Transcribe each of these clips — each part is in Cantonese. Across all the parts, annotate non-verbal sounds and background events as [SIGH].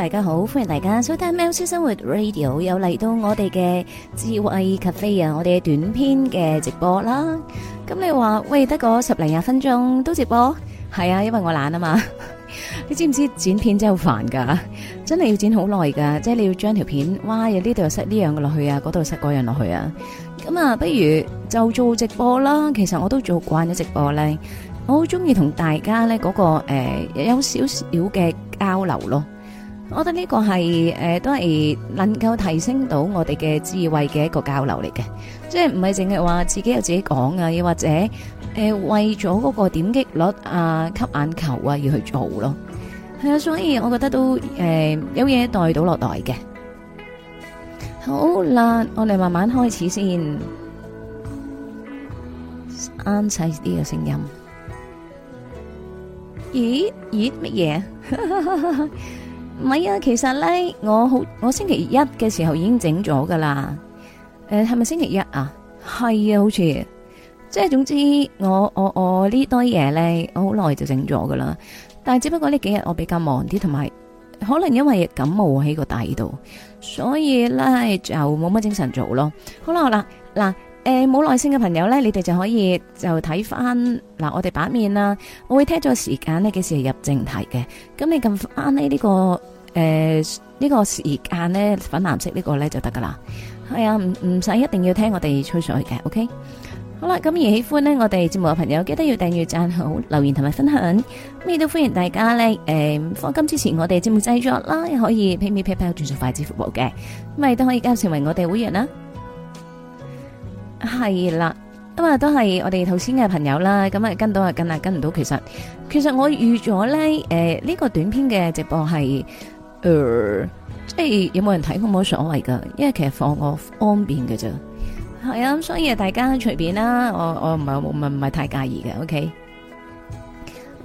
大家好，歡迎大家收睇《喵式生活 Radio》，又嚟到我哋嘅智慧 CAFE 啊！我哋嘅短篇嘅直播啦。咁你話喂，得個十零廿分鐘都直播係啊，因為我懶啊嘛。 [LAUGHS] 你知唔知道剪片真係好煩噶，真係要剪好耐噶。即係你要將條片，哇，呢度又塞呢樣落去啊，嗰度又塞嗰樣落去啊。咁啊，不如就做直播啦。其實我都做慣咗直播咧，我好中意同大家咧嗰、嗰個誒、呃、有少少嘅交流咯。我覺得呢個係誒都係能夠提升到我哋嘅智慧嘅一個交流嚟嘅，即係唔係淨係話自己有自己講啊，又或者誒為咗嗰個點擊率啊、吸眼球啊要去做咯，係啊，所以我覺得都誒有嘢帶到落來嘅。好啦，我哋慢慢開始先，啱晒啲嘅聲音，咦咦乜嘢？唔係啊，其實咧，我好我星期一嘅時候已經整咗噶啦。誒、呃，係咪星期一啊？係啊，好似。即係總之，我，我我我呢堆嘢咧，我好耐就整咗噶啦。但係只不過呢幾日我比較忙啲，同埋可能因為感冒喺個底度，所以咧就冇乜精神做咯。好啦，好啦，嗱。誒，冇耐性嘅朋友咧，你哋就可以就睇翻嗱，我哋版面啦，我會聽咗時間呢幾時入正題嘅。咁你撳翻呢呢個誒呢、呃呢個時間咧，粉藍色呢個咧就得噶啦。係啊，唔唔使一定要聽我哋吹水嘅。OK，好啦，咁而喜歡呢，我哋節目嘅朋友，記得要訂閱、讚好、留言同埋分享，咩都歡迎大家咧。誒、呃，放金之前我哋節目製作啦，可以 Pay Me、PayPal、轉數快嘅，咪都可以加入成為我哋會員啦。係啦，咁啊都係我哋頭先嘅朋友啦，咁啊跟到啊跟啊跟唔到，其實其實我預咗咧，誒呢個短片嘅直播係，誒即係有冇人睇都冇所謂噶，因為其實放我方便噶咋，係啊，所以大家隨便啦，我我唔係唔係唔係太介意嘅，OK。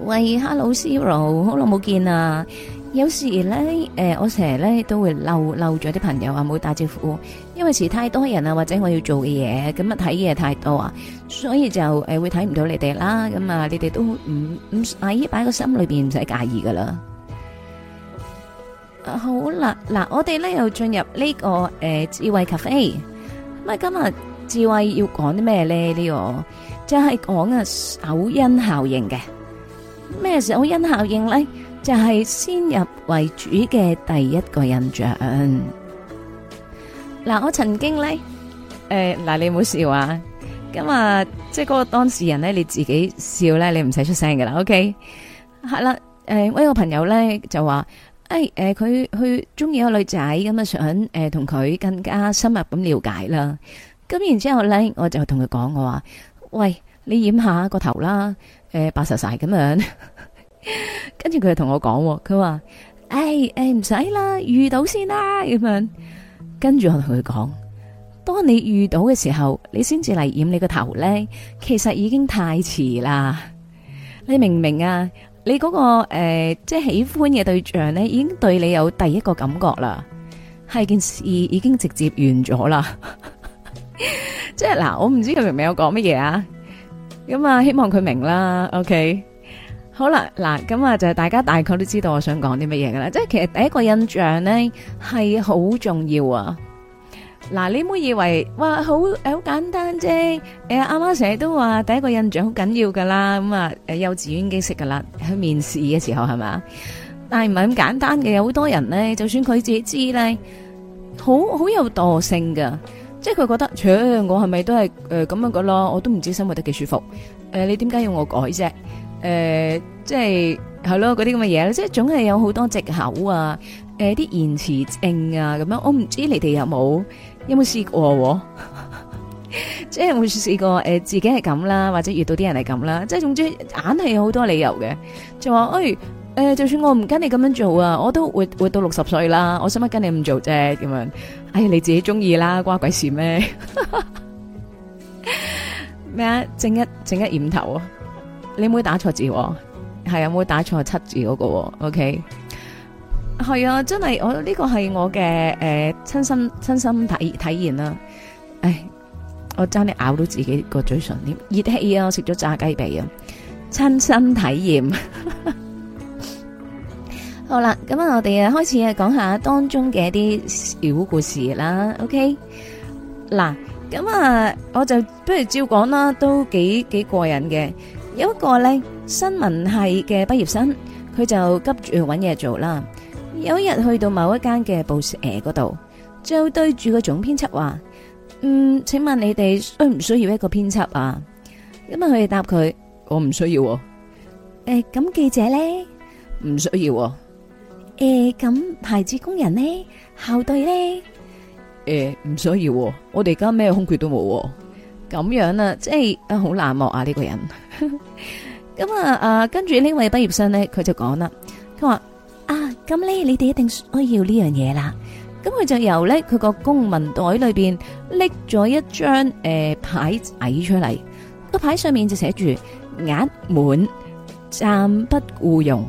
喂，Hello，Ciro，好耐冇見啊！有時咧，誒我成日咧都會漏漏咗啲朋友啊，冇打招呼。因為遲太多人啊，或者我要做嘅嘢咁啊，睇嘢太多啊，所以就誒、呃、會睇唔到你哋啦。咁啊，你哋都唔唔，阿姨擺個心裏邊唔使介意噶啦、啊。好啦，嗱，我哋咧又進入呢、這個誒、呃、智慧 cafe。咪、嗯、今日智慧要講啲咩咧？呢、這個就係講啊首因效應嘅。咩首因效應咧？就係、是、先入為主嘅第一個印象。嗱，我曾經咧，誒、呃，嗱、呃，你唔好笑啊！咁、嗯、啊，即係嗰個當事人咧，你自己笑咧，你唔使出聲㗎啦，OK？係啦，誒、呃，我一個朋友咧就話，誒、哎，誒、呃，佢去中意一個女仔，咁啊想誒同佢更加深入咁了解啦。咁然之後咧，我就同佢講，我話，喂，你染下個頭啦，誒、呃，白曬曬咁樣。 [LAUGHS] 跟住佢就同我講，佢、啊、話，誒，誒、哎，唔使啦，遇到先啦，咁樣。跟住我同佢講，當你遇到嘅時候，你先至嚟染你個頭咧，其實已經太遲啦。你明唔明啊？你嗰、嗰個誒、呃，即係喜歡嘅對象咧，已經對你有第一個感覺啦，係件事已經直接完咗啦。 [LAUGHS] 即係嗱，我唔知佢明唔明我講乜嘢啊？咁啊，希望佢明啦。OK。好啦，嗱咁啊，就係大家大概都知道我想講啲乜嘢噶啦，即係其實第一個印象咧，係好重要啊。嗱，你唔好以為哇，好好簡單啫。誒，阿媽成日都話第一個印象好緊要噶啦，咁啊，誒，幼稚園已經識噶啦，去面試嘅時候係嘛，但係唔係咁簡單嘅，有好多人咧，就算佢自己知咧，好好有惰性噶，即係佢覺得，呃、我係咪都係誒咁樣噶咯？我都唔知生活得幾舒服，誒，你點解要我改啫？誒、呃，即係係咯，嗰啲咁嘅嘢，即係總係有好多借口啊！誒、呃，啲延遲症啊，咁樣我唔知你哋有冇有冇試過，啊、 [LAUGHS] 過，即係有冇試過誒，自己係咁啦，或者遇到啲人係咁啦，即係總之硬係有好多理由嘅，就話誒，誒、欸呃，就算我唔跟你咁樣做啊，我都活活到六十歲啦，我使乜跟你咁做啫，啊？咁樣，哎呀，你自己中意啦，關鬼事咩？咩啊？整、 [LAUGHS] 啊、一整一染頭啊！你唔會打錯字、哦，係啊，唔會打錯七字嗰個、哦，OK，係啊，真係我呢、這個係我嘅誒、呃、親身親身體體驗啦、啊。唉，我差啲咬到自己個嘴唇，點熱氣啊！我食咗炸雞髀啊，親身體驗。 [LAUGHS] 好啦，咁啊，我哋啊開始啊講下當中嘅一啲小故事啦。OK，嗱，咁啊，我就不如照講啦，都幾幾過癮嘅。有一個咧新聞系嘅畢業生，佢就急住去搵嘢做啦。有一日去到某一間嘅報社嗰度，就對住個總編輯話：嗯，請問你哋需唔需要一個編輯啊？咁啊佢哋答佢：我唔需要。誒，咁記者咧唔需要。誒，咁排字工人咧校對咧，誒唔需要。我哋而家咩空缺都冇。咁樣啊，即係啊，好冷漠啊呢，這個人。咁 [LAUGHS] 啊，誒、啊，跟住呢位畢業生咧，佢就講啦，佢話啊，咁呢，你哋一定需要呢樣嘢啦。咁佢就由咧佢個公文袋裏邊拎咗一張誒、呃、牌仔出嚟，個牌上面就寫住額滿暫不雇傭。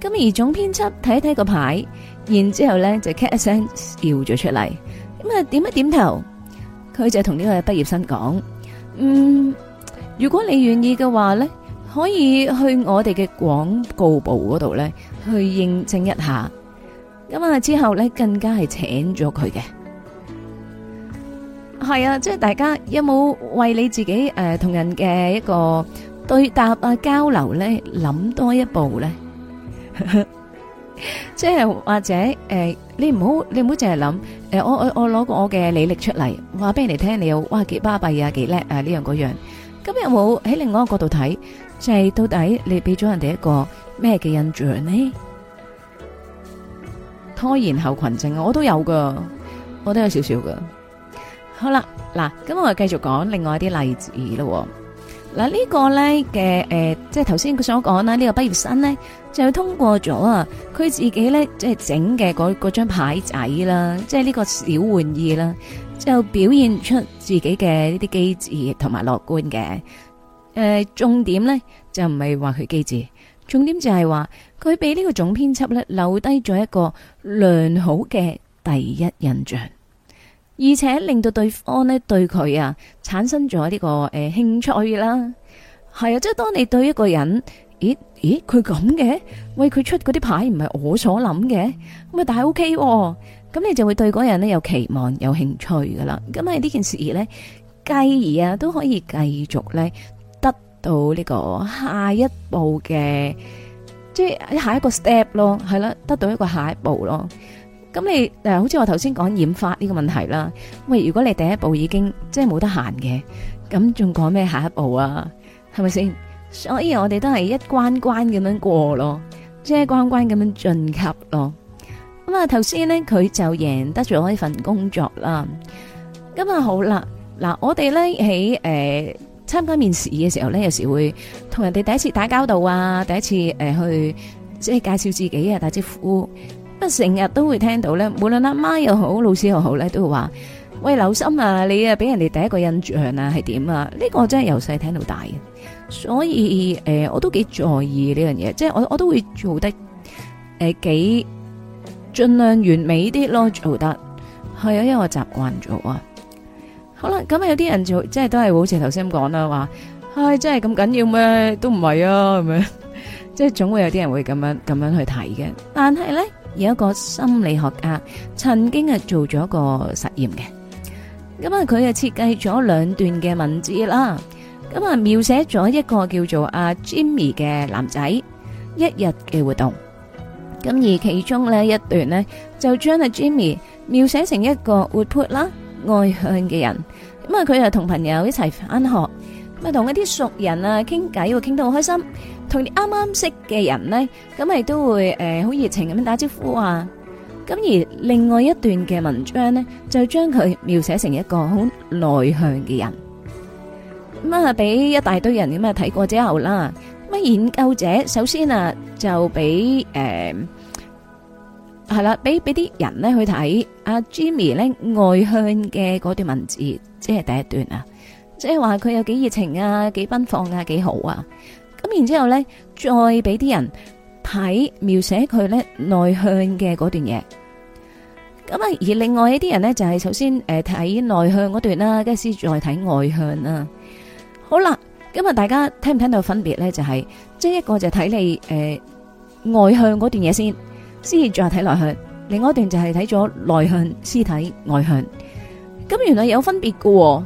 咁而總編輯睇一睇個牌，然之後咧就咳一聲笑咗出嚟，咁啊點一點頭。佢就同呢個畢業生講：嗯，如果你願意嘅話咧，可以去我哋嘅廣告部嗰度咧，去應徵一下。咁啊之後咧，更加係請咗佢嘅。係啊，即係大家有冇為你自己誒同、呃、人嘅一個對答啊交流咧，諗多一步咧？ [LAUGHS] 即 [LAUGHS] 係或者誒、呃，你唔好你唔好淨係諗誒，我我我攞個我嘅履歷出嚟話俾人哋聽，你又哇幾巴閉啊，幾叻啊呢樣嗰樣，咁有冇喺另外一個角度睇，即係到底你俾咗人哋一個咩嘅印象呢？拖延後群症我都有噶，我都有少少噶。好啦，嗱，咁我繼續講另外一啲例子咯。嗱、這個、呢個咧嘅誒，即係頭先佢所講啦，這個、呢個畢業生咧就通過咗啊，佢自己咧即係整嘅嗰嗰張牌仔啦，即係呢個小玩意啦，就表現出自己嘅呢啲機智同埋樂觀嘅。誒、呃，重點咧就唔係話佢機智，重點就係話佢俾呢個總編輯咧留低咗一個良好嘅第一印象。而且令到對方咧對佢啊產生咗呢、這個誒、呃、興趣啦，係啊！即係當你對一個人，咦咦佢咁嘅，喂佢出嗰啲牌唔係我所諗嘅，咁、OK、啊但係 O K 喎，咁你就會對嗰人咧有期望、有興趣噶啦。咁喺呢件事咧，繼而啊都可以繼續咧得到呢個下一步嘅，即係下一個 step 咯，係啦，得到一個下一步咯。咁你誒，好似我頭先講染髮呢個問題啦。喂，如果你第一步已經即係冇得閒嘅，咁仲講咩下一步啊？係咪先？所以我哋都係一關關咁樣過咯，即係關關咁樣進級咯。咁啊頭先咧，佢就贏得咗我呢份工作啦。咁啊好啦，嗱我哋咧喺誒參加面試嘅時候咧，有時會同人哋第一次打交道啊，第一次、呃、去即係介紹自己啊，打招呼。咁成日都會聽到咧，無論阿媽又好，老師又好咧，都會話：喂，留心啊，你啊，俾人哋第一個印象啊，係點啊？呢個我真係由細聽到大嘅，所以誒、呃，我都幾在意呢樣嘢，即係我我都會做得誒、呃、幾盡量完美啲咯，做得係、哎、啊，因為我習慣咗啊。好啦，咁啊，有啲人就即係都係好似頭先講啦，話係，真係咁緊要咩？都唔係啊，咁樣，即係總會有啲人會咁樣咁樣去睇嘅。但係咧。有一個心理學家曾經啊做咗一個實驗嘅，咁啊佢啊設計咗兩段嘅文字啦，咁啊描寫咗一個叫做阿 Jimmy 嘅男仔一日嘅活動，咁而其中呢一段呢就將阿 Jimmy 描寫成一個活潑啦、外向嘅人，咁啊佢啊同朋友一齊返學，咪同一啲熟人啊傾偈，會傾得好開心。同你啱啱識嘅人咧，咁咪都會誒好熱情咁樣打招呼啊！咁而另外一段嘅文章咧，就將佢描寫成一個好內向嘅人。咁啊，俾一大堆人咁啊睇過之後啦，咁啊研究者首先啊就俾誒係啦，俾俾啲人咧去睇阿 Jimmy 咧外向嘅嗰段文字，即係第一段啊，即係話佢有幾熱情啊，幾奔放啊，幾好啊！然之後咧，再俾啲人睇描寫佢咧內向嘅嗰段嘢。咁啊，而另外一啲人咧就係首先誒睇內向嗰段啦，跟住先再睇外向啦。好啦，咁問大家聽唔聽到分別咧？就係即係一個就係睇你誒外向嗰段嘢先，先至再睇內向。另外一段就係睇咗內向先睇外向。咁原來有分別㗎。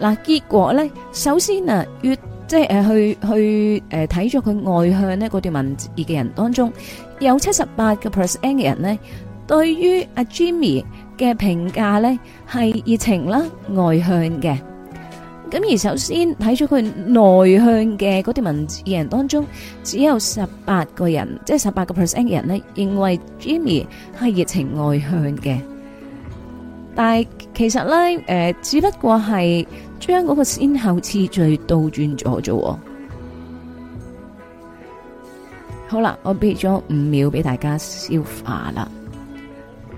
嗱，結果咧，首先啊，越。即係誒、呃，去去誒睇咗佢外向呢嗰段文字嘅人當中，有七十八個 percent 嘅人咧，對於阿、啊、Jimmy 嘅評價咧係熱情啦，外向嘅。咁而首先睇咗佢內向嘅嗰段文字嘅人當中，只有十八個人，即係十八個 percent 嘅人咧，認為 Jimmy 係熱情外向嘅。但係其實咧，誒、呃、只不過係。將嗰個先後次序倒轉咗咗，好啦，我俾咗五秒俾大家消化啦。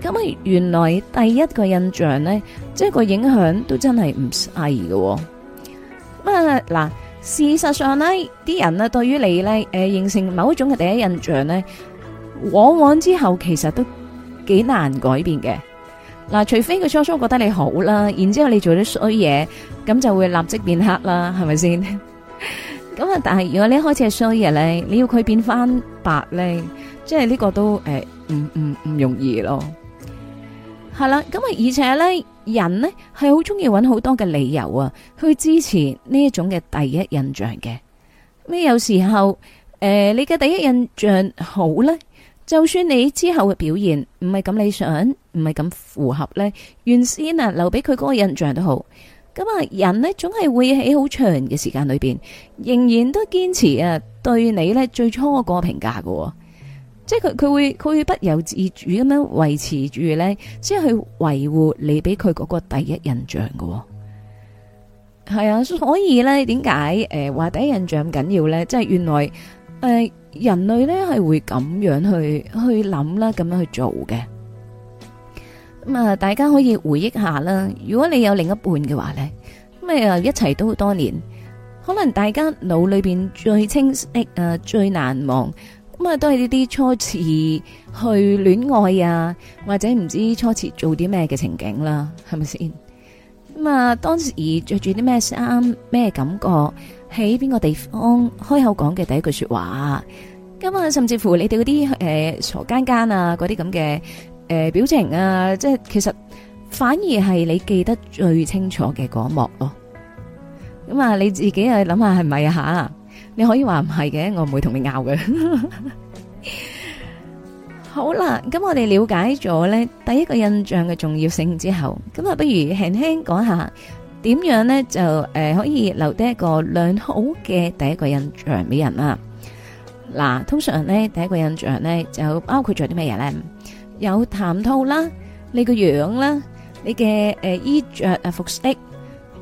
咁啊，原來第一個印象咧，即係個影響都真係唔細㗎。咁啊嗱，事實上咧，啲人咧對於你咧，誒、呃、形成某種嘅第一印象咧，往往之後其實都幾難改變嘅。嗱，除非佢初初覺得你好啦，然之後你做啲衰嘢，咁就會立即變黑啦，係咪先？咁啊，但係如果你一開始係衰嘢咧，你要佢變翻白咧，即係呢個都誒，唔唔唔容易咯。係啦，咁啊，而且咧，人呢係好中意揾好多嘅理由啊，去支持呢一種嘅第一印象嘅。咁有時候誒、呃，你嘅第一印象好咧，就算你之後嘅表現唔係咁理想。唔係咁符合咧，原先啊留俾佢嗰個印象都好。咁啊，人呢總係會喺好長嘅時間裏邊，仍然都堅持啊對你咧最初嗰個評價噶。即係佢佢會佢會不由自主咁樣維持住咧，即係去維護你俾佢嗰個第一印象噶。係啊，所以咧，點解誒話第一印象咁緊要咧？即係原來誒人類咧係會咁樣去去諗啦，咁樣去做嘅。咁啊，大家可以回憶下啦。如果你有另一半嘅話咧，咁啊一齊都好多年，可能大家腦裏邊最清晰啊最難忘，咁啊都係呢啲初次去戀愛啊，或者唔知初次做啲咩嘅情景啦，係咪先？咁啊，當時着住啲咩衫，咩感覺？喺邊個地方？開口講嘅第一句說話，咁啊，甚至乎你哋嗰啲誒傻奸奸啊，嗰啲咁嘅。誒，表情啊，即係其實反而係你記得最清楚嘅嗰一幕咯。咁啊，你自己去諗下係咪啊？吓，你可以話唔係嘅，我唔會同你拗嘅。好啦，咁我哋了解咗咧，第一個印象嘅重要性之後，咁啊，不如輕輕講下點樣咧，就誒可以留低一個良好嘅第一個印象俾人啦。嗱，通常咧第一個印象咧就包括咗啲咩嘢咧？有談吐啦，你個樣啦，你嘅誒衣着啊服飾，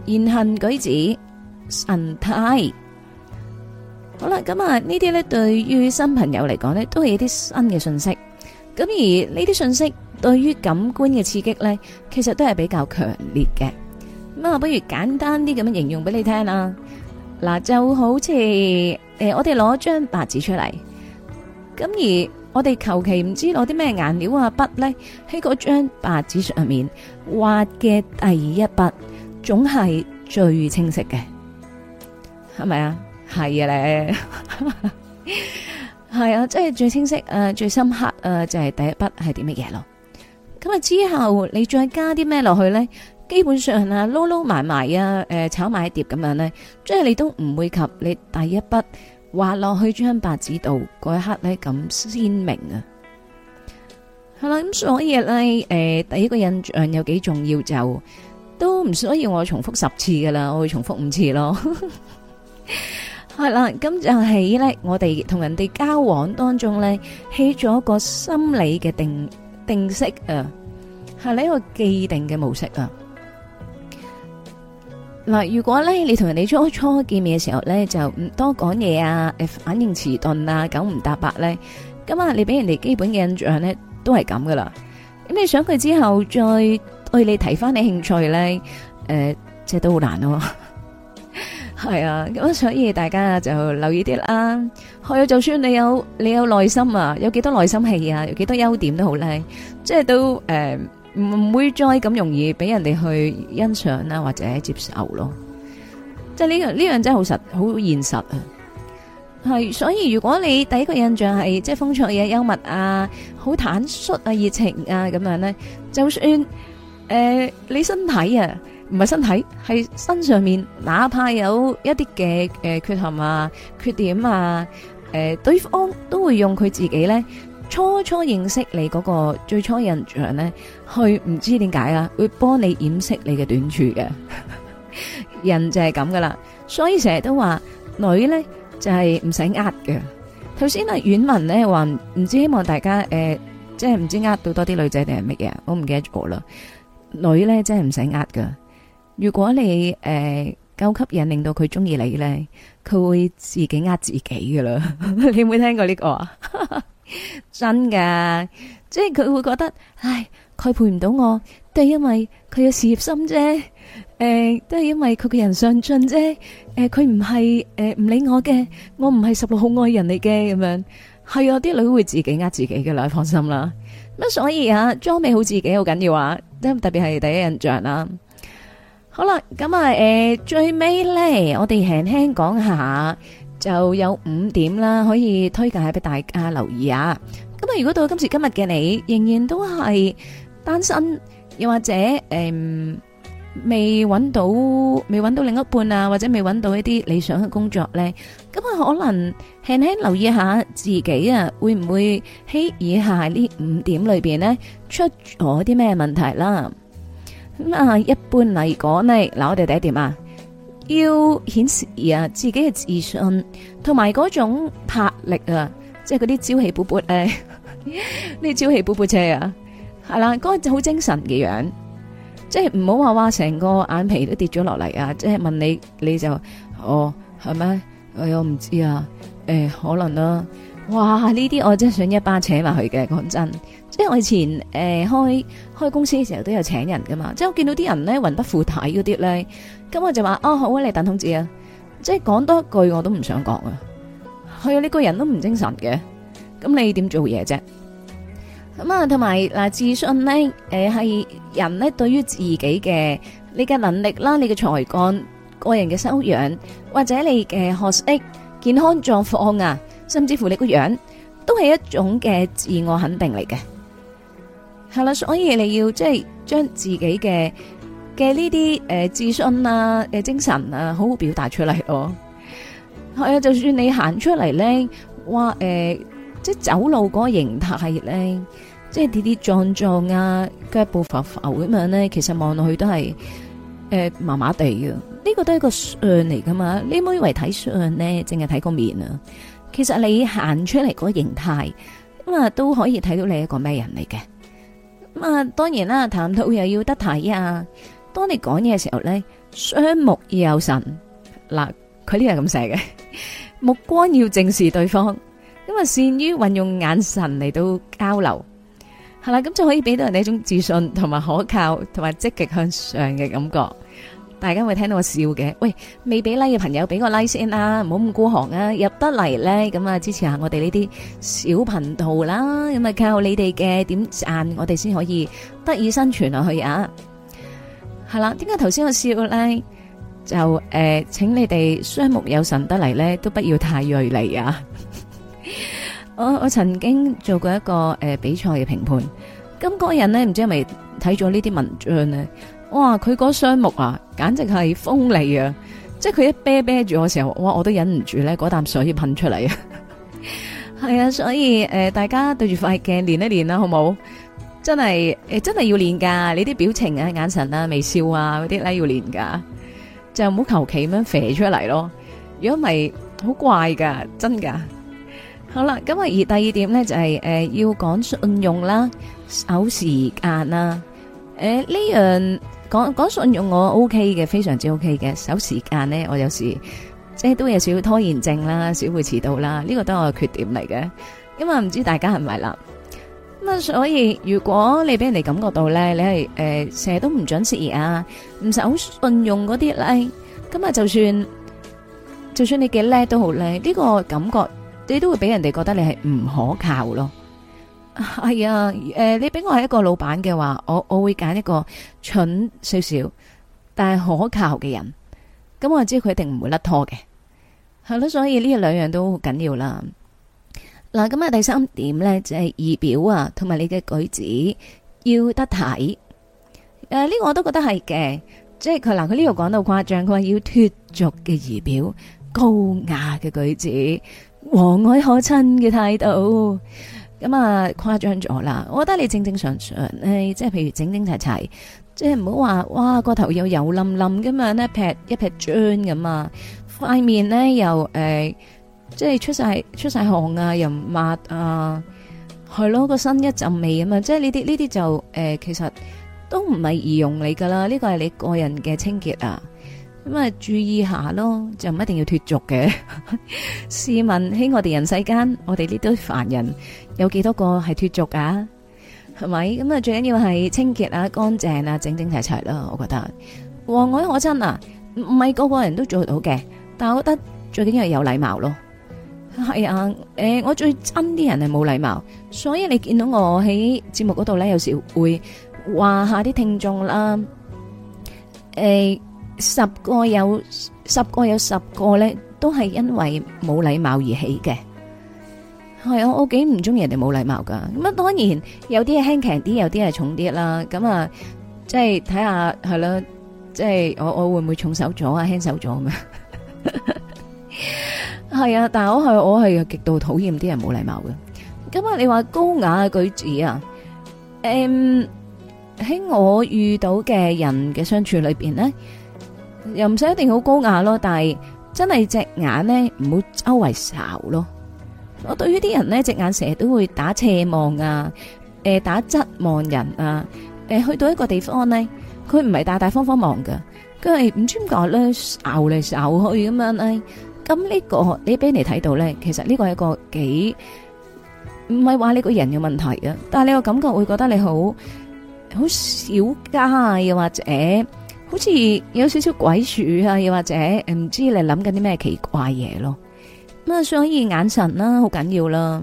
言行舉止，神態。好啦，咁啊呢啲咧對於新朋友嚟講咧都係一啲新嘅信息。咁而呢啲信息對於感官嘅刺激咧，其實都係比較強烈嘅。咁啊，不如簡單啲咁樣形容俾你聽啦。嗱，就好似誒，我哋攞張白紙出嚟，咁而。我哋求其唔知攞啲咩顏料啊筆咧，喺嗰張白紙上面畫嘅第一筆，總係最清晰嘅，係咪啊？係啊，嚟， [LAUGHS] 係啊，即係最清晰啊，最深刻啊，就係第一筆係點乜嘢咯？咁啊之後你再加啲咩落去咧，基本上啊撈撈埋埋啊，誒炒埋一碟咁樣咧，即係你都唔會及你第一筆滑落去張白紙度嗰一刻咧，咁鮮明啊，係啦。咁所以咧，誒，第一個印象有幾重要，就都唔需要我重複十次噶啦，我會重複五次咯。係啦，咁就係咧，我哋同人哋交往當中咧，起咗個心理嘅定定式啊，係呢個既定嘅模式啊。嗱，如果咧你同人哋初初見面嘅時候咧，就唔多講嘢啊，反應遲鈍啊，九唔搭八咧，咁啊，你俾人哋基本嘅印象咧都係咁噶啦。咁你想佢之後再對你提翻你興趣咧，誒、呃，即係都好難咯、哦。係 [LAUGHS] 啊，咁所以大家就留意啲啦。啊，就算你有你有耐心啊，有幾多耐心氣啊，有幾多優點都好咧，即係都誒。呃唔唔會再咁容易俾人哋去欣賞啦，或者接受咯。即係呢樣呢樣真係好實，好現實啊。係所以，如果你第一個印象係即係風趣嘅、幽默啊、好坦率啊、熱情啊咁樣咧，就算誒、呃、你身體啊，唔係身體，係身上面，哪怕有一啲嘅誒缺陷啊、缺點啊，誒、呃、對方都會用佢自己咧。初初認識你嗰個最初印象咧，去唔知點解啦，會幫你掩飾你嘅短處嘅 [LAUGHS] 人就係咁噶啦。所以成日都話女咧就係唔使呃嘅。頭先呢，婉文咧話唔知希望大家誒、呃，即係唔知呃到多啲女仔定係乜嘢，我唔記得咗啦。女咧真係唔使呃嘅。如果你誒夠、呃、吸引，令到佢中意你咧，佢會自己呃自己噶啦。 [LAUGHS] 你有冇聽過呢、這個啊？ [LAUGHS] [LAUGHS] 真㗎，即係佢會覺得，唉，佢陪唔到我，都係因為佢有事業心啫，誒、呃，都係因為佢個人上進啫，誒、呃，佢唔係，誒、呃，唔理我嘅，我唔係十六號愛人嚟嘅，咁樣，係啊，啲女會自己呃自己嘅啦，放心啦，咁、嗯、所以啊，裝備好自己好緊要啊，即特別係第一印象啦、啊，好啦，咁啊，誒、呃，最尾咧，我哋輕輕講下。就有五點啦，可以推介俾大家留意下。咁啊，如果到今時今日嘅你仍然都係單身，又或者誒未揾到未揾到另一半啊，或者未揾到一啲理想嘅工作咧，咁啊，可能輕輕留意下自己啊，會唔會喺以下呢五點裏邊呢出咗啲咩問題啦？咁啊，一般嚟講呢，嗱我哋第一點啊。要顯示啊自己嘅自信，同埋嗰種魄力啊，即係嗰啲朝氣勃勃誒，呢、哎、朝氣勃勃車啊，係啦，嗰、嗰個好精神嘅樣子，即係唔好話話成個眼皮都跌咗落嚟啊！即係問你你就哦係咪？誒、哎、我唔知啊，誒、欸、可能啦、啊，哇呢啲我真係想一巴扯埋去嘅，講真，即係我以前誒、欸、開開公司嘅時候都有請人噶嘛，即係我見到啲人咧魂不附體嗰啲咧。咁我就話、哦，好啊，你等通知啊，即係講多句我都唔想講啊。啊，你個人都唔精神嘅，咁你點做嘢啫？咁、嗯、啊，同埋嗱，自信呢，誒、呃、係人咧，對於自己嘅你嘅能力啦，你嘅才幹、個人嘅修養，或者你嘅學識、健康狀況啊，甚至乎你個樣，都係一種嘅自我肯定嚟嘅。係、嗯、啦，所以你要即係將自己嘅。嘅呢啲誒自信啊誒、呃、精神啊好好表達出嚟哦，係 [LAUGHS] 啊，就算你行出嚟咧，哇誒、呃，即係走路嗰個形態咧，即係跌跌撞撞啊，腳步浮浮咁樣咧，其實望落去都係誒麻麻地嘅，呢、呃這個都係個相嚟噶嘛，你唔好以為睇相咧淨係睇個面啊，其實你行出嚟嗰個形態咁啊都可以睇到你係一個咩人嚟嘅，咁、嗯、啊當然啦，談吐又要得睇啊。當你講嘢嘅時候咧，雙目要有神。嗱，佢呢個係咁寫嘅，目光要正視對方，因為善於運用眼神嚟到交流，係啦，咁就可以俾到人哋一種自信同埋可靠同埋積極向上嘅感覺。大家會聽到我笑嘅，喂，未俾 like 嘅朋友俾個 like 先啊，唔好咁孤寒啊，入得嚟咧咁啊支持下我哋呢啲小頻道啦，咁啊靠你哋嘅點讚，我哋先可以得以生存落去啊！係啦，點解頭先我笑咧？就誒、呃，請你哋雙目有神得嚟咧，都不要太銳利啊！ [LAUGHS] 我我曾經做過一個誒、呃、比賽嘅評判，咁、那、嗰個人咧，唔知係咪睇咗呢啲文章咧？哇，佢嗰雙目啊，簡直係鋒利啊！即係佢一啤啤住我時候，哇，我都忍唔住咧，嗰啖水要噴出嚟啊！係啊，所以誒、呃，大家對住塊鏡練一練啦，好冇好？真係誒，真係要練噶，你啲表情啊、眼神啊、微笑啊嗰啲咧要練噶，就唔好求其咁樣飛出嚟咯。如果唔係，好怪噶，真噶。好啦，咁啊，而第二點咧就係、是、誒、呃，要講信用啦，守時間啦。誒、呃，呢樣講講信用我 OK 嘅，非常之 OK 嘅。守時間咧，我有時即係都有少少拖延症啦，少會遲到啦，呢、這個都係我嘅缺點嚟嘅。因為唔知大家係咪啦？咁、嗯、啊，所以如果你俾人哋感覺到咧，你係誒成日都唔準職業啊，唔守信用嗰啲咧，咁啊就算就算你幾叻都好叻，呢、這個感覺你都會俾人哋覺得你係唔可靠咯。係、哎、啊，誒、呃，你俾我係一個老闆嘅話，我我會揀一個蠢少少但係可靠嘅人，咁我就知佢一定唔會甩拖嘅。係、嗯、咯，所以呢兩樣都好緊要啦。嗱，咁啊第三點咧就係、是、儀表啊，同埋你嘅舉止要得體。誒、呃，呢、這個我都覺得係嘅，即係佢嗱，佢呢度講到誇張，佢話要脱俗嘅儀表、高雅嘅舉止、和藹可親嘅態度，咁啊誇張咗啦。我覺得你正正常常，誒、哎，即係譬如整整齊齊，即係唔好話哇個頭有油漫漫又油冧冧咁樣，咧劈一劈磚咁啊，塊面咧又誒。即係出晒出晒汗啊，又抹啊，係咯個身一陣味啊嘛，即係呢啲呢啲就誒、呃，其實都唔係儀容嚟噶啦，呢個係你個人嘅清潔啊，咁、嗯、啊注意下咯，就唔一定要脫俗嘅。試問喺我哋人世間，我哋呢堆凡人有幾多個係脫俗㗎？係咪？咁啊最緊要係清潔啊，乾淨、嗯、啊，啊，整整齊齊啦，我覺得和藹可親啊，唔係個個人都做到嘅，但係我覺得最緊要係有禮貌咯。係啊，誒，我最憎啲人係冇禮貌，所以你見到我喺節目嗰度咧，有時會話下啲聽眾啦，誒，十個有十個有十個咧，都係因為冇禮貌而起嘅。係啊，我我幾唔中意人哋冇禮貌噶，咁啊，當然有啲係輕強啲，有啲係重啲啦。咁啊，即係睇下係咯，即係我我會唔會重手咗啊，輕手咗咁樣。係啊，但係我係我係極度討厭啲人冇禮貌嘅。今、嗯、日你話高雅嘅舉止啊，誒、嗯，喺我遇到嘅人嘅相處裏邊咧，又唔使一定好高雅咯，但係真係隻眼咧唔好周圍睄咯。我對於啲人咧隻眼成日都會打斜望啊，誒、呃、打側望人啊，誒、呃、去到一個地方咧，佢唔係大大方方望嘅，佢係唔知點解咧睄嚟睄去咁樣咧。咁、這、呢個你畀你睇到咧，其實呢個係一個幾唔係話你個人有問題㗎。但係你個感覺會覺得你好好小家，又或者好似有少少鬼鼠啊，又或者唔知你諗緊啲咩奇怪嘢咯。咁啊，所以眼神啦好緊要啦，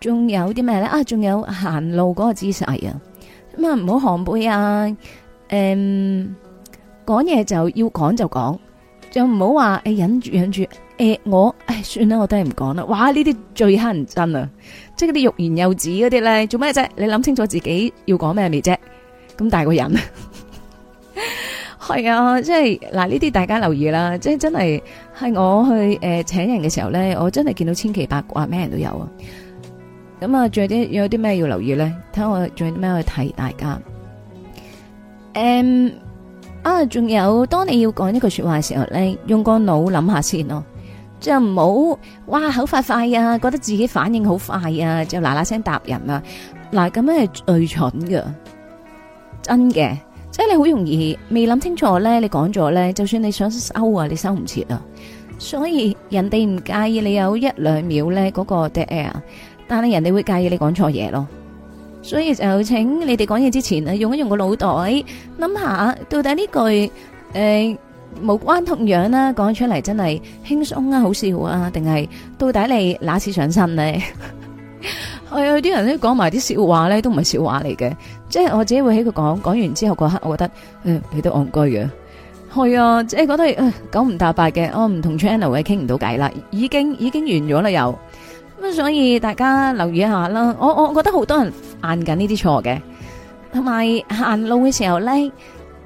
仲有啲咩咧啊？仲有、啊、有行路嗰個姿勢啊，咁啊唔好寒背啊，誒，講嘢就要講就講。又唔好話誒，忍住忍住，誒我唉算啦，我都係唔講啦。哇，呢啲最乞人憎啊，即係嗰啲欲言又止嗰啲咧，做咩啫？你諗清楚自己要講咩未啫？咁大個人，係 [LAUGHS] 啊，即係嗱呢啲大家留意啦，即係真係係我去誒、呃、請人嘅時候咧，我真係見到千奇百怪咩人都有啊。咁啊，仲有啲有啲咩要留意咧？睇我仲有啲咩去睇大家？誒、嗯。啊，仲有，當你要講呢句說話嘅時候咧，用個腦諗下先咯，就唔好哇口快快啊，覺得自己反應好快啊，就嗱嗱聲答人啊，嗱咁樣係最蠢噶，真嘅，即係你好容易未諗清楚咧，你講咗咧，就算你想收啊，你收唔切啊，所以人哋唔介意你有一兩秒咧嗰個 dead air 啊，但係人哋會介意你講錯嘢咯。所以就請你哋講嘢之前啊，用一用個腦袋諗下，想想到底呢句誒、呃、無關痛癢啦，講出嚟真係輕鬆啊，好笑啊，定係到底你哪次上身呢？係 [LAUGHS] 啊、哎，啲人咧講埋啲笑話咧，都唔係笑話嚟嘅，即係我自己會喺佢講講完之後嗰刻，我覺得誒、嗯、你都戇居嘅，係啊，即係覺得誒講唔大白嘅，我唔同 channel 嘅傾唔到偈啦，已經已經完咗啦，又咁，所以大家留意一下啦。我我覺得好多人。行緊呢啲錯嘅，同埋行路嘅時候咧，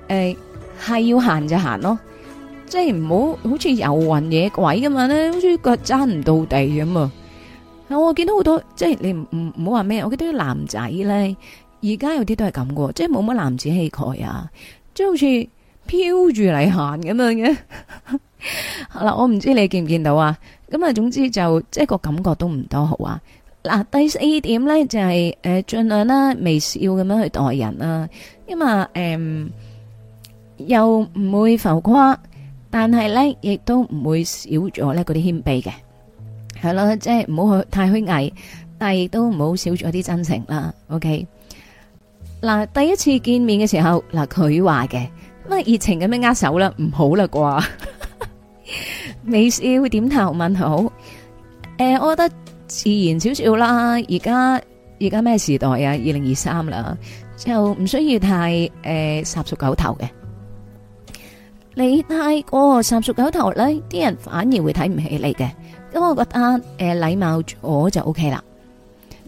誒，係要行就行咯，即係唔好好似游魂野鬼咁樣咧，好似腳踭唔到地咁啊！我見到好多，即係你唔唔唔好話咩，我記得啲男仔咧，而家有啲都係咁噶，即係冇乜男子氣概啊，即係好似飄住嚟，行咁樣嘅。好啦，我唔知你見唔見到啊？咁啊，總之就即係個感覺都唔多好啊。嗱，第四點咧就係誒，盡量啦，微笑咁樣去待人啦，因為誒，又唔會浮誇，但係咧亦都唔會少咗咧嗰啲謙卑嘅，係咯，即係唔好去太虛偽，但係亦都唔好少咗啲真情啦。OK，嗱，第一次見面嘅時候，嗱佢話嘅咁啊熱情咁樣握手啦，唔好啦啩，微笑點頭問好，誒，我覺得。自然少少啦，而家而家咩時代啊？二零二三啦，就唔需要太誒插足狗頭嘅。你太過插足狗頭咧，啲人反而會睇唔起你嘅。咁我覺得誒禮、呃、貌我就 OK 啦，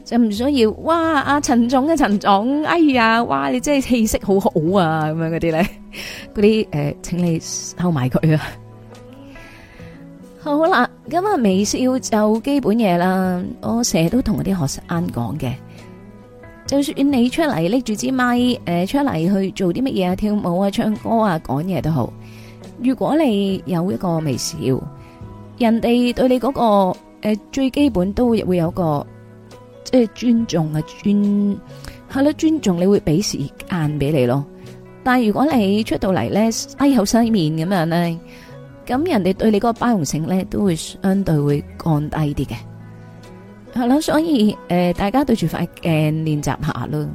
就唔需要。哇！阿陳總嘅、啊、陳總，哎呀，哇！你真係氣色好好啊，咁樣嗰啲咧，嗰啲誒，請你收埋佢啊。好啦，咁啊，微笑就基本嘢啦。我成日都同啲學生講嘅，就算你出嚟拎住支咪，誒，出嚟去做啲乜嘢啊，跳舞啊，唱歌啊，講嘢都好。如果你有一個微笑，人哋對你嗰、那個誒最基本都會會有個即係、就是、尊重啊，尊係啦，尊重你會俾時間俾你咯。但係如果你出到嚟咧，哎，西口西面咁樣咧。咁人哋對你嗰個包容性咧，都會相對會降低啲嘅，係咯。所以誒，大家對住塊鏡練習下咯。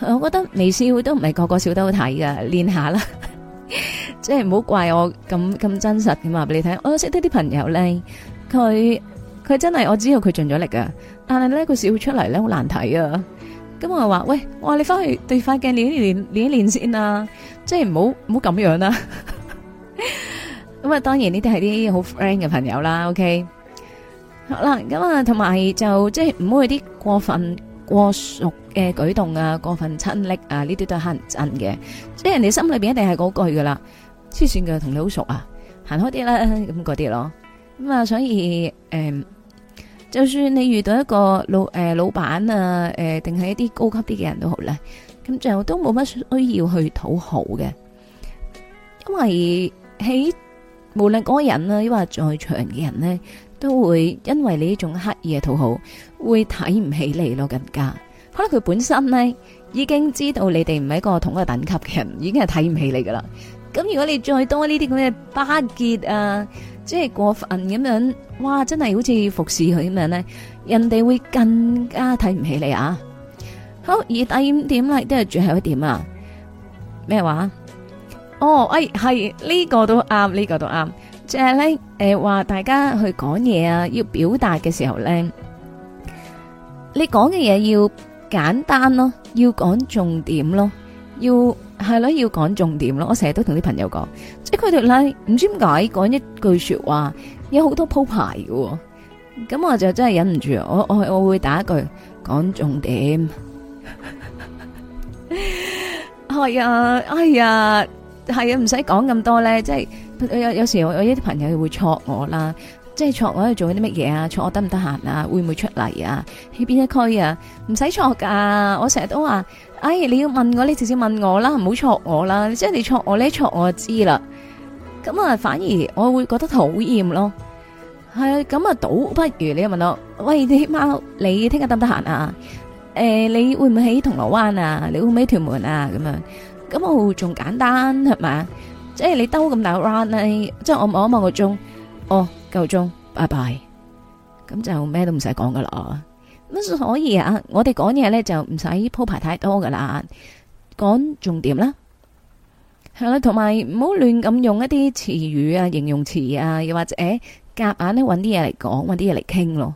我覺得微笑都唔係個個笑得好睇噶，練下啦。即係唔好怪我咁咁真實咁話俾你聽。我識得啲朋友咧，佢佢真係我知道佢盡咗力噶，但係咧佢笑出嚟咧好難睇啊。咁我話喂，我話你返去對塊鏡練一練練一練先啊，即係唔好唔好咁樣啦。咁啊，當然呢啲係啲好 friend 嘅朋友啦，OK。好啦，咁啊，同埋就即係唔好有啲過分過熟嘅舉動啊，過分親昵啊，呢啲都係乞人憎嘅。即係人哋心裏邊一定係嗰句噶啦，黐線嘅，同你好熟啊，行開啲啦，咁嗰啲咯。咁、嗯、啊，所以誒、嗯，就算你遇到一個老誒、呃、老闆啊，誒、呃，定係一啲高級啲嘅人都好咧，咁最後都冇乜需要去討好嘅，因為喺。無論嗰個人啊，抑或在場嘅人呢，都會因為你呢種刻意嘅討好，會睇唔起你咯，更加可能佢本身呢已經知道你哋唔係一個同一個等級嘅人，已經係睇唔起你噶啦。咁如果你再多呢啲咁嘅巴結啊，即係過分咁樣，哇，真係好似服侍佢咁樣呢，人哋會更加睇唔起你啊。好，而第五點咧，都係最後一點啊，咩話？哦，誒，係呢個都啱，呢個都啱。即係咧，誒話大家去講嘢啊，要表達嘅時候咧，你講嘅嘢要簡單咯，要講重點咯，要係咯，要講重點咯。我成日都同啲朋友講，即係佢哋咧唔知點解講一句說話有好多鋪排嘅，咁我就真係忍唔住，我我我會打一句講重點，係啊。哎呀，哎呀！係啊，唔使講咁多咧，即係有有時我有啲朋友會錯我啦，即係錯我去做啲乜嘢啊，錯我得唔得閒啊，會唔會出嚟啊？喺邊一區啊？唔使錯噶，我成日都話，哎，你要問我，你直接問我啦，唔好錯我啦，即係你錯我咧，錯我就知啦。咁啊，反而我會覺得討厭咯。係啊，咁啊，倒不如你問我，喂，啲貓，你聽日得唔得閒啊？誒、呃，你會唔會喺銅鑼灣啊？你會唔會喺屯門啊？咁樣。咁我仲簡單係嘛，即係你兜咁大個 round 咧，即係我望一望個鐘，哦，夠鐘，拜拜，咁就咩都唔使講噶啦哦。咁所以啊，我哋講嘢咧就唔使鋪排太多噶啦，講重點啦，係啦，同埋唔好亂咁用一啲詞語啊、形容詞啊，又或者夾硬咧揾啲嘢嚟講，揾啲嘢嚟傾咯。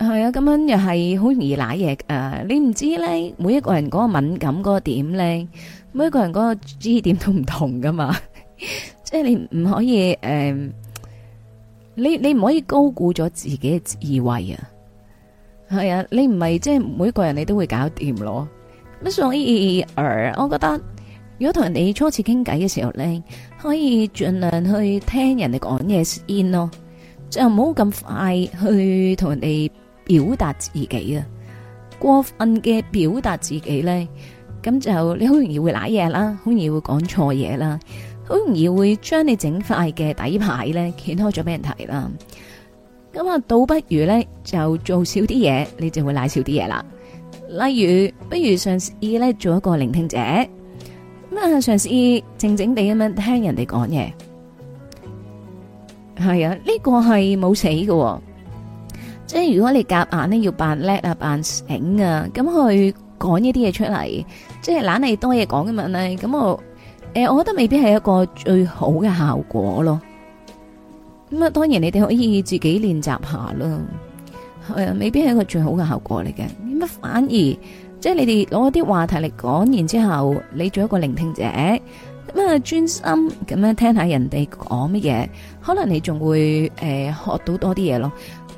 係啊，咁樣又係好容易瀨嘢。誒，你唔知咧，每一個人嗰個敏感嗰個點咧，每一個人嗰個知識點都唔同噶嘛。即 [LAUGHS] 係你唔可以誒，呃，你你唔可以高估咗自己嘅智慧啊。係啊，你唔係即係每一個人你都會搞掂咯。咁所以呃我覺得，如果同人哋初次傾偈嘅時候咧，可以盡量去聽人哋講嘢先咯，就唔好咁快去同人哋。表達自己啊，過分嘅表達自己咧，咁就你好容易會瀨嘢啦，好容易會講錯嘢啦，好容易會將你整塊嘅底牌咧掀開咗俾人睇啦。咁啊，倒不如咧就做少啲嘢，你就會瀨少啲嘢啦。例如，不如嘗試二咧做一個聆聽者，咁啊嘗試靜靜地咁樣聽人哋講嘢。係啊，呢個係冇死嘅。即係如果你夾硬咧要扮叻啊，扮醒啊，咁去講呢啲嘢出嚟，即係懶你多嘢講咁樣咧，咁我誒，我覺得未必係一個最好嘅效果咯。咁啊，當然你哋可以自己練習下咯，係啊，未必係一個最好嘅效果嚟嘅。咁啊，反而即係你哋攞啲話題嚟講，然之後你做一個聆聽者，咁啊專心咁樣聽下人哋講乜嘢，可能你仲會誒、欸、學到多啲嘢咯。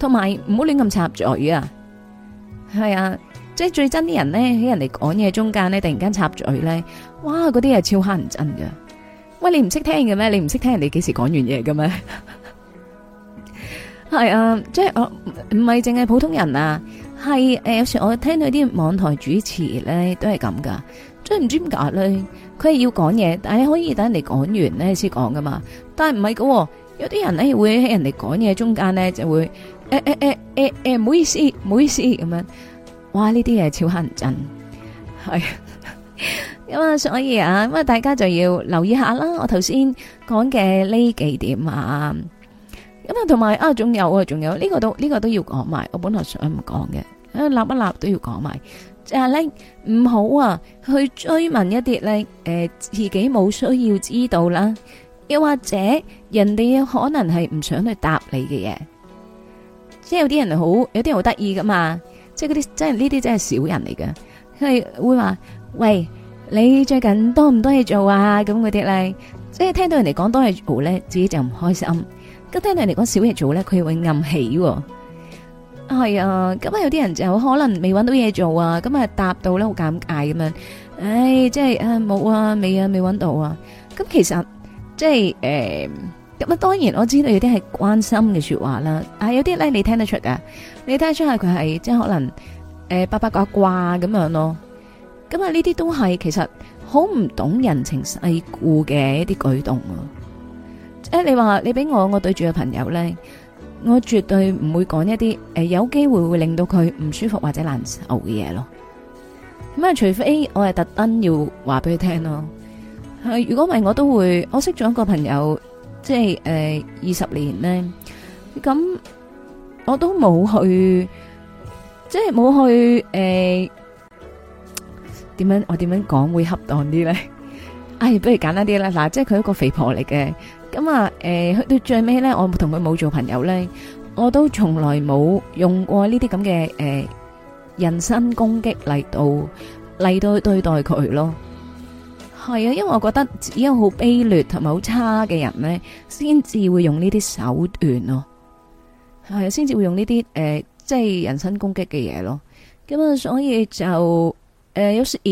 同埋唔好亂咁插嘴啊，係啊，即係最憎啲人咧喺人哋講嘢中間咧，突然間插嘴咧，哇，嗰啲係超黑人憎噶。喂，你唔識聽嘅咩？你唔識聽人哋幾時講完嘢嘅咩？係 [LAUGHS] 啊，即係我唔係淨係普通人啊，係誒有時我聽到啲網台主持咧都係咁噶，即係唔知點解咧，佢係要講嘢，但係可以等人哋講完咧先講噶嘛。但係唔係噶喎，有啲人咧會喺人哋講嘢中間咧就會。誒誒誒誒誒，唔、欸欸欸欸、好意思，唔好意思咁樣。哇，呢啲嘢超乞人憎。係咁啊！ [LAUGHS] 所以啊，咁啊，大家就要留意下啦。我頭先講嘅呢幾點啊，咁啊，同埋啊，仲有啊，仲有呢、呢個都呢、呢個都要講埋。我本嚟，想唔講嘅，啊，立一立都要講埋。就係咧，唔好啊，去追問一啲咧，誒，自己冇需要知道啦，又或者人哋可能係唔想去答你嘅嘢。即係有啲人好，有啲人好得意噶嘛。即係嗰啲，真係呢啲真係小人嚟嘅。佢會話：喂，你最近多唔多嘢做啊？咁嗰啲咧，即係聽到人哋講多嘢做咧，自己就唔開心。咁聽到人哋講少嘢做咧，佢會暗喜、哦。係、哎、啊，咁啊有啲人就可能未搵到嘢做啊，咁啊答到咧好尷尬咁樣。唉、哎，即係誒冇啊，未啊，未搵到啊。咁其實即係誒。呃咁當然我知道有啲係關心嘅說話啦，啊，有啲咧你聽得出嘅，你聽得出係佢係即係可能誒、呃，八八卦卦咁樣咯。咁啊，呢啲都係其實好唔懂人情世故嘅一啲舉動咯。誒、即係，你話你俾我，我對住個朋友咧，我絕對唔會講一啲誒、呃、有機會會令到佢唔舒服或者難受嘅嘢咯。咁啊，除非我係特登要話俾佢聽咯。係、呃，如果唔係我都會我識咗一個朋友。即係誒，二十年咧，咁我都冇去，即係冇去誒，點樣我點樣講會恰當啲咧？哎，不如簡單啲啦。嗱，即係佢一個肥婆嚟嘅，咁啊誒，去到最尾咧，我同佢冇做朋友咧，我都從來冇用過呢啲咁嘅誒人身攻擊嚟到嚟到去對待佢咯。係啊，因為我覺得，只有好卑劣同埋好差嘅人咧，先至會用呢啲手段咯。係啊，先至會用呢啲誒，即係人身攻擊嘅嘢咯。咁啊，所以就誒、呃，有時而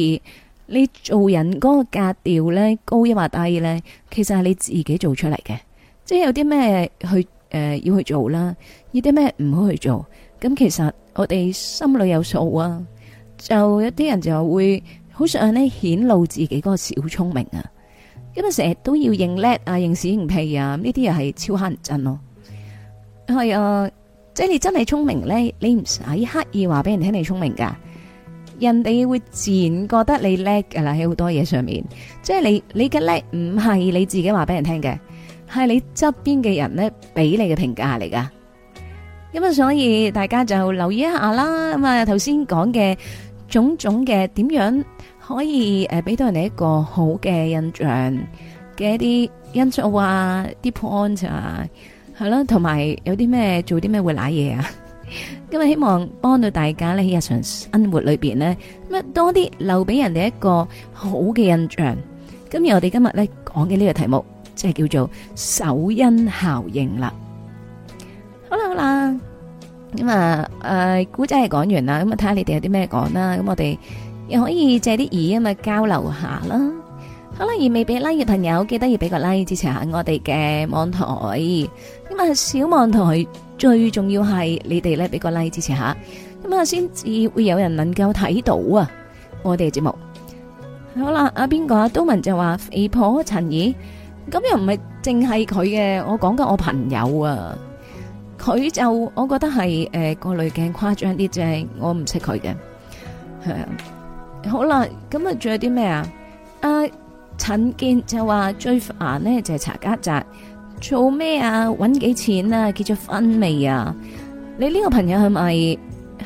你做人嗰個格調咧，高抑或低咧，其實係你自己做出嚟嘅。即係有啲咩去誒、呃、要去做啦，有啲咩唔好去做。咁其實我哋心裏有數啊。就有啲人就會。好想咧顯露自己嗰個小聰明啊！咁啊成日都要認叻啊、認屎認屁啊，呢啲又係超乞人憎咯。係、哎、啊，即係你真係聰明咧，你唔使刻意話俾人聽你聰明噶，人哋會自然覺得你叻噶啦。喺好多嘢上面，即係你你嘅叻唔係你自己話俾人聽嘅，係你側邊嘅人咧俾你嘅評價嚟噶。咁、嗯、啊，所以大家就留意一下啦。咁、嗯、啊，頭先講嘅種種嘅點樣？可以誒，俾到人哋一個好嘅印象嘅一啲因素啊，啲 point 啊，係啦，同埋有啲咩做啲咩會瀨嘢啊，咁啊，希望幫到大家咧喺日常生活裏邊咧，咁啊，多啲留俾人哋一個好嘅印象。咁而我哋今日咧講嘅呢個題目，即係叫做首因效應啦。好啦好啦，咁啊誒，古仔係講完啦，咁啊睇下你哋有啲咩講啦，咁我哋。又可以借啲耳啊嘛，交流下啦。好啦，而未俾 like 嘅朋友，記得要俾個 like 支持下我哋嘅網台。咁啊，小網台最重要係你哋咧，俾個 like 支持下，咁啊先至會有人能夠睇到啊，我哋嘅節目。好啦，阿邊個啊，都文就話肥婆陳怡，咁又唔係淨係佢嘅，我講緊我朋友啊，佢就我覺得係誒個濾鏡誇張啲，啫、呃。我唔識佢嘅，係、嗯、啊。好啦，咁啊，仲有啲咩啊？啊，陳建就話最煩咧就係、是、查家宅，做咩啊？搵幾錢啊？結咗婚未啊？你呢個朋友係咪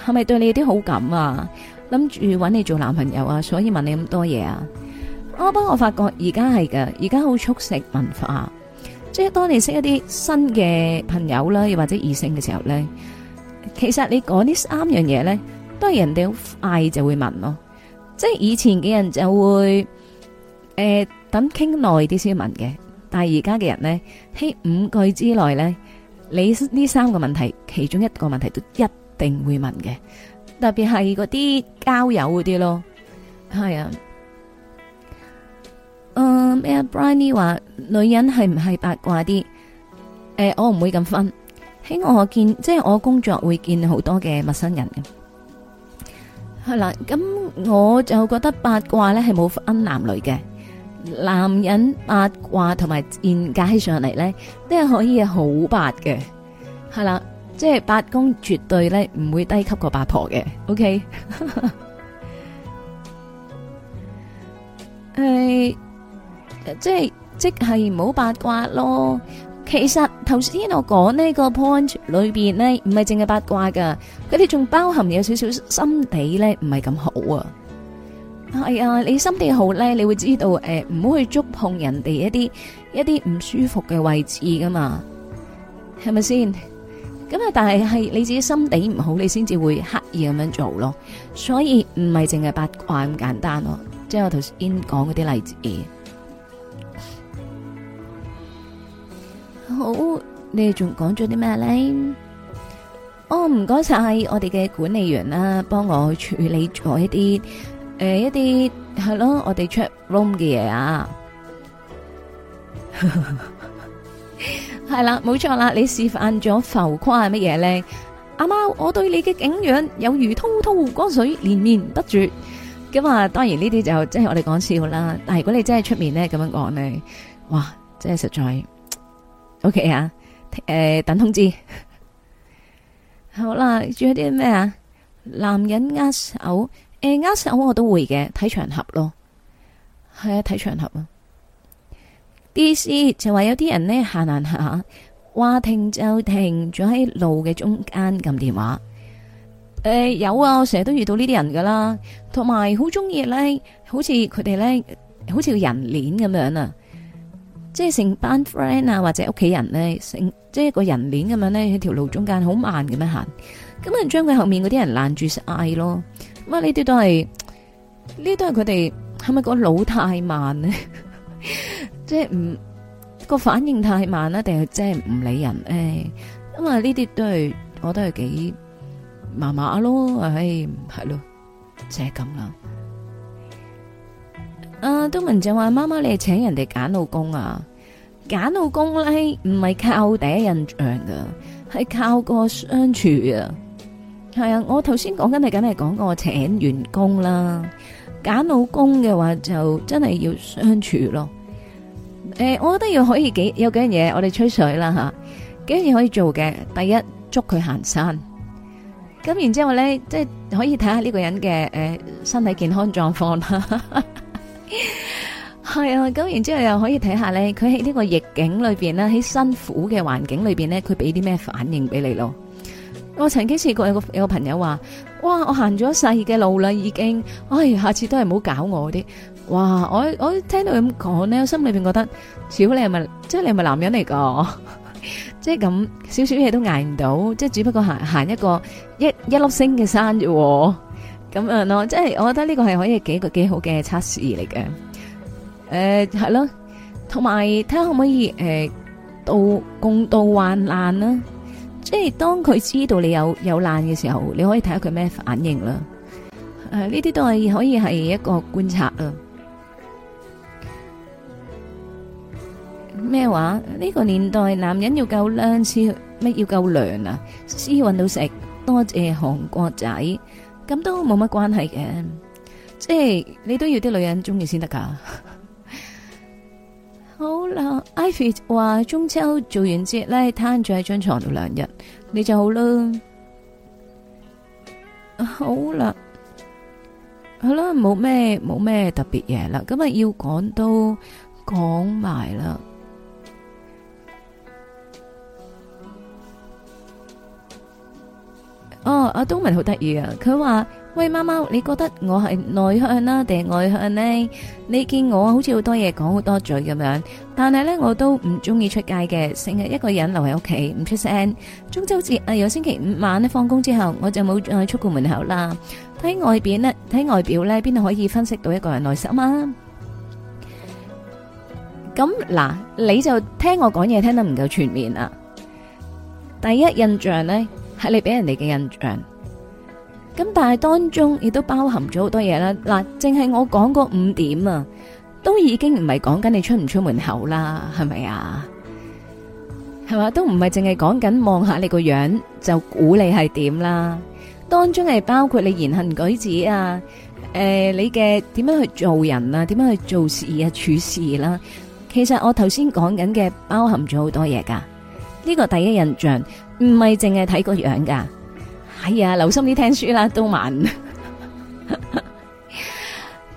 係咪對你有啲好感啊？諗住搵你做男朋友啊？所以問你咁多嘢啊？我、啊、不過我發覺而家係噶，而家好速食文化，即係當你識一啲新嘅朋友啦，又或者異性嘅時候咧，其實你講呢三樣嘢咧，都係人哋好快就會問咯。即係以前嘅人就會誒、呃、等傾耐啲先問嘅，但係而家嘅人呢，喺五句之內呢，你呢三個問題其中一個問題都一定會問嘅，特別係嗰啲交友嗰啲咯，係啊，嗯、呃，阿 Bryan 話女人係唔係八卦啲？誒、呃，我唔會咁分，喺我見，即係我工作會見好多嘅陌生人嘅。係啦，咁我就覺得八卦咧係冇分男女嘅，男人八卦同埋現界起上嚟咧都係可以係好八嘅。係啦，即係八公絕對咧唔會低級過八婆嘅，OK，係，即係即係冇八卦咯。其實頭先我講呢個 point 裏邊呢，唔係淨係八卦噶，佢哋仲包含有少少心地咧，唔係咁好啊。係啊，你心地好咧，你會知道誒，唔好去觸碰人哋一啲一啲唔舒服嘅位置噶嘛，係咪先？咁啊，但係係你自己心地唔好，你先至會刻意咁樣做咯。所以唔係淨係八卦咁簡單咯，即係我頭先講嗰啲例子。好，你哋仲講咗啲咩咧？哦，唔該晒，我哋嘅管理員啦，幫我處理咗一啲誒、呃，一啲係咯，我哋 chat room 嘅嘢啊。係 [LAUGHS] 啦，冇錯啦，你示範咗浮誇係乜嘢咧？阿媽，我對你嘅景仰有如滔滔江水，連綿不絕。咁啊，當然呢啲就即係我哋講笑啦。但係如果你真係出面咧，咁樣講咧，哇，真係實在。O、okay、K 啊，誒、呃，等通知。 [LAUGHS] 好啦，仲有啲咩啊？男人握手，誒、呃，握手我都會嘅，睇場合咯。係啊，睇場合啊。DC 就話有啲人呢，行行下，話停就停，仲喺路嘅中間撳電話。誒、呃，有啊，我成日都遇到呢啲人噶啦，同埋好中意咧，好似佢哋咧，好似個人鏈咁樣啊。即係成班 friend 啊，或者屋企人咧，成即係個人鏈咁樣咧，喺條路中間好慢咁樣行，咁啊將佢後面嗰啲人攔住嗌咯，咁啊呢啲都係，呢啲都係佢哋係咪個腦太慢咧？即係唔個反應太慢啦，定係即係唔理人誒？因為呢啲都係，我都係幾麻麻咯，誒係咯，就係咁啦。啊！東文正話媽媽，你係請人哋揀老公啊？揀老公咧唔係靠第一印象噶，係靠個相處啊。係啊，我頭先講緊你，梗係講個請員工啦。揀老公嘅話就真係要相處咯。誒，我覺得要可以幾有幾樣嘢，我哋吹水啦吓。幾樣嘢可以做嘅，第一捉佢行山。咁然之後咧，即係可以睇下呢個人嘅誒身體健康狀況啦。係 [LAUGHS] 啊，咁然之後又可以睇下咧，佢喺呢個逆境裏邊咧，喺辛苦嘅環境裏邊咧，佢俾啲咩反應俾你咯？我曾經試過有個有個朋友話，哇，我行咗細嘅路啦，已經，哎，下次都係唔好搞我啲。哇，我我聽到佢咁講咧，我心裏邊覺得，小你係咪即係你係咪男人嚟噶？即係咁少少嘢都捱唔到，即係只不過行行一個一一粒星嘅山啫。咁樣咯、啊，即係我覺得呢個係可以幾個幾好嘅測試嚟嘅，誒係咯，同埋睇下可唔可以誒到共度患難啦、啊，即係當佢知道你有有難嘅時候，你可以睇下佢咩反應啦。誒呢啲都係可以係一個觀察啊。咩話？呢、呢個年代男人要夠靚先，乜要夠娘啊？先搵到食，多謝韓國仔。咁都冇乜關係嘅，即係你都要啲女人中意先得噶。好啦，Ivy 話中秋做完節咧，攤住喺張床度兩日，你就好啦。好啦，好啦，冇咩冇咩特別嘢啦，今日要講都講埋啦。哦，阿東文好得意啊！佢話：喂，貓貓，你覺得我係內向啦定外向咧？你見我好似好多嘢講好多嘴咁樣，但係咧我都唔中意出街嘅，成日一個人留喺屋企唔出聲。中秋節啊，由星期五晚咧放工之後，我就冇再出過門口啦。睇外邊咧，睇外表咧，邊度可以分析到一個人內心啊？咁嗱，你就聽我講嘢聽得唔夠全面啦。第一印象咧。係你俾人哋嘅印象，咁但係當中亦都包含咗好多嘢啦。嗱，淨係我講個五點啊，都已經唔係講緊你出唔出門口啦，係咪啊？係嘛，都唔係淨係講緊望下你個樣就估你係點啦。當中係包括你言行舉止啊，誒、呃，你嘅點樣去做人啊，點樣去做事啊，處事啦。其實我頭先講緊嘅包含咗好多嘢噶，呢、這個第一印象。唔係淨係睇個樣噶，係啊，留心啲聽書啦，都萬。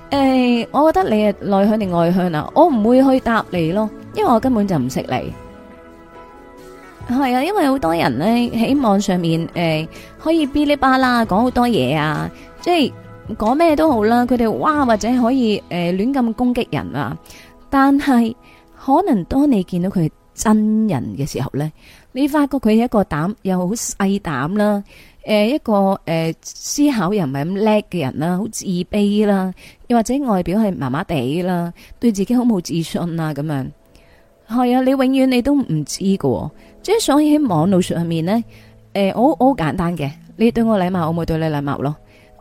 誒，我覺得你係內向定外向啊？我唔會去答你咯，因為我根本就唔識你。係啊，因為好多人咧喺網上面誒，可以嗶哩吧啦講好多嘢啊，即係講咩都好啦。佢哋哇，或者可以誒亂咁攻擊人啊。但係可能當你見到佢真人嘅時候咧。你發覺佢係一個膽又好細膽啦，誒一個誒思考又唔係咁叻嘅人啦，好自卑啦，又或者外表係麻麻地啦，對自己好冇自信啊咁樣，係啊，你永遠你都唔知噶，即係所以喺網絡上面呢，誒、欸、我我好簡單嘅，你對我禮貌，我咪對你禮貌咯，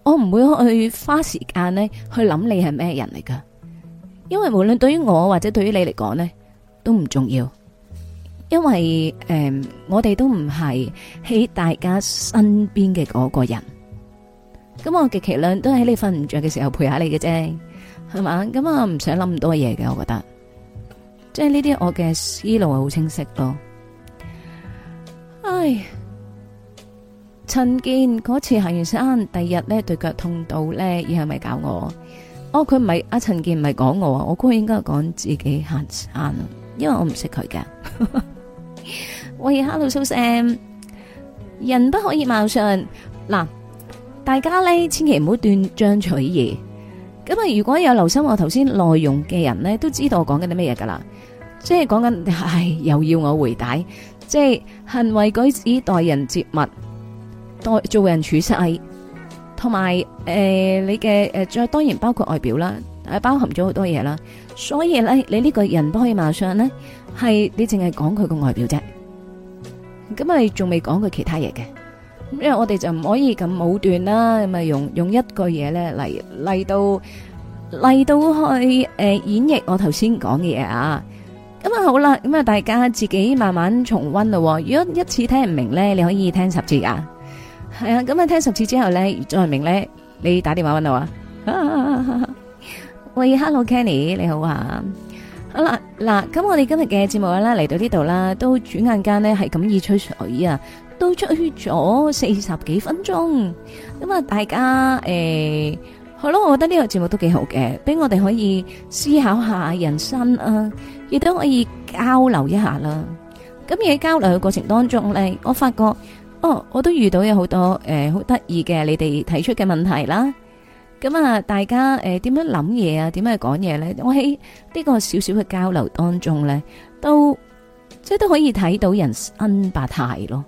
我唔會去花時間咧去諗你係咩人嚟噶，因為無論對於我或者對於你嚟講呢，都唔重要。因為誒、嗯，我哋都唔係喺大家身邊嘅嗰個人，咁我極其量都係喺你瞓唔着嘅時候陪下你嘅啫，係嘛？咁我唔想諗咁多嘢嘅，我覺得，即係呢啲我嘅思路係好清晰咯。唉，陳健嗰次行完山，第二日咧對腳痛到咧，以後咪搞我，哦，佢唔係阿陳健唔係講我啊，我估應該講自己行山，因為我唔識佢嘅。 [LAUGHS] 喂、hey, Hello, Susan 人不可以貌相。嗱，大家咧千祈唔好斷章取義。咁啊，如果有留心我頭先內容嘅人咧，都知道我講緊啲乜嘢噶啦。即係講緊係又要我回帶，即係行為舉止、待人接物、待做人處世，同埋誒你嘅誒，再當然包括外表啦，誒包含咗好多嘢啦。所以咧，你呢個人不可以貌相咧。係你淨係講佢個外表啫，咁咪仲未講佢其他嘢嘅。因為我哋就唔可以咁武斷啦，咁咪用用一個嘢咧嚟嚟到嚟到去誒演繹我頭先講嘅嘢啊，咁啊好啦，咁啊大家自己慢慢重溫咯，如果一次聽唔明咧，你可以聽十次啊，係啊，咁啊聽十次之後咧再明咧，你打電話問我啊。喂，Hello，Kenny，你好啊。好啦嗱，咁我哋今日嘅節目啦，嚟到呢度啦，都轉眼間咧係咁易吹水啊，都吹咗四十幾分鐘。咁啊，大家誒，好咯，我覺得呢個節目都幾好嘅，俾我哋可以思考下人生啊，亦都可以交流一下啦。咁而喺交流嘅過程當中咧，我發覺哦，我都遇到有好多誒好得意嘅你哋提出嘅問題啦。咁啊，大家誒，點、呃、樣諗嘢啊？點樣講嘢咧？我喺呢個少少嘅交流當中咧，都即係都可以睇到人生百態咯。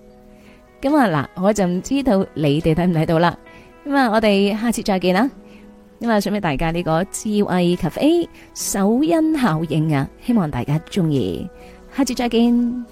咁啊嗱，我就唔知道你哋睇唔睇到啦。咁啊，我哋下次再見啦！咁啊，想俾大家呢個智慧 Cafe 首因效應啊，希望大家中意。下次再見。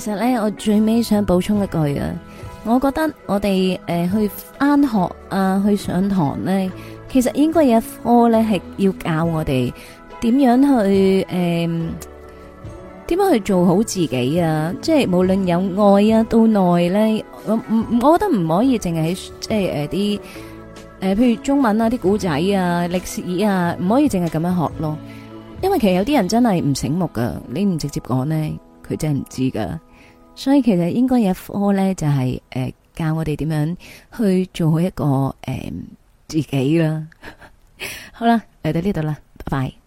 其實咧，我最尾想補充一句啊，我覺得我哋誒去翻學啊，去上堂咧，其實應該有一科咧係要教我哋點樣去誒，點樣去做好自己啊！即係無論有愛啊，到內咧，我唔我覺得唔可以淨係喺即係誒啲誒，譬如中文啊，啲古仔啊，歷史啊，唔可以淨係咁樣學咯。因為其實有啲人真係唔醒目噶，你唔直接講咧，佢真係唔知噶。所以其實應該有一科呢，就係誒教我哋點樣去做好一個誒、嗯、自己啦。 [LAUGHS] 好啦，嚟到呢度啦，拜拜。